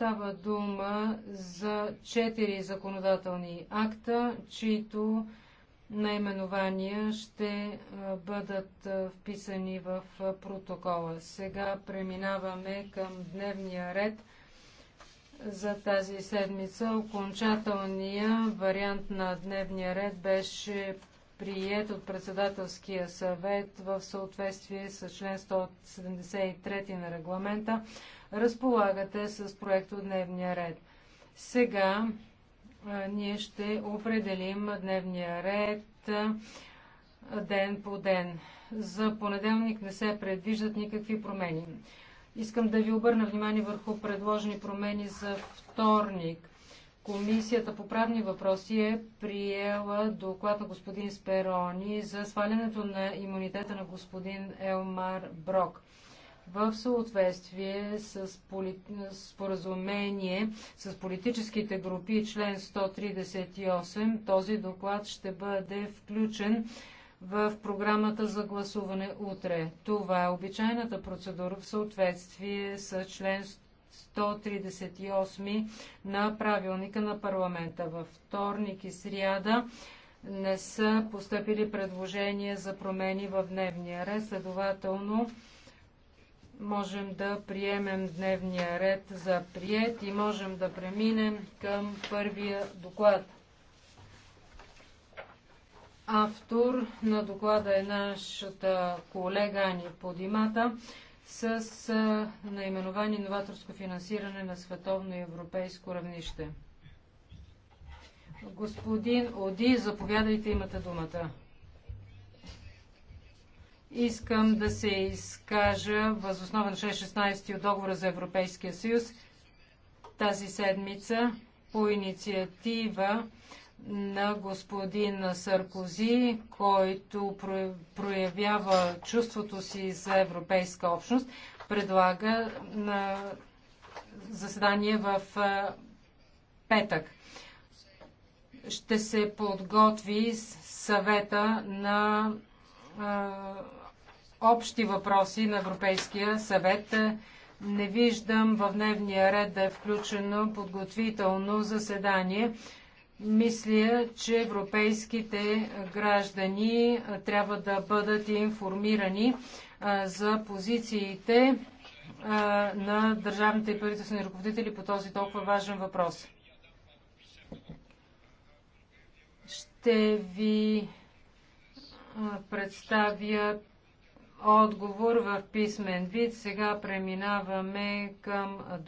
Става дума за четири законодателни акта, чието наименования ще бъдат вписани в протокола. Сега преминаваме към дневния ред за тази седмица. Окончателният вариант на дневния ред беше прият от председателския съвет в съответствие с член 173 на регламента. Разполагате с проект от дневния ред. Сега ние ще определим дневния ред ден по ден. За понеделник не се предвиждат никакви промени. Искам да ви обърна внимание върху предложени промени за вторник. Комисията по правни въпроси е приела доклад на господин Сперони за свалянето на имунитета на господин Елмар Брок. В съответствие с споразумение с политическите групи член 138, този доклад ще бъде включен в програмата за гласуване утре. Това е обичайната процедура в съответствие с член 138. 138 на правилника на парламента. Във вторник и сряда не са поступили предложения за промени в дневния ред, следователно можем да приемем дневния ред за прият и можем да преминем към първия доклад. Автор на доклада е нашата колега Ани Подимата с наименование новаторско финансиране на световно и европейско равнище. Господин Оди, заповядайте, имате думата. Искам да се изкажа възоснован на 6.16 от договора за Европейския съюз тази седмица по инициатива на господин Саркози, който проявява чувството си за Европейска общност, предлага на заседание в петък. Ще се подготви съвета на общи въпроси на Европейския съвет. Не виждам в дневния ред да е включено подготвително заседание мисля, че европейските граждани трябва да бъдат информирани за позициите на държавните и правителствени ръководители по този толкова важен въпрос. Ще ви представя отговор в писмен вид. Сега преминаваме към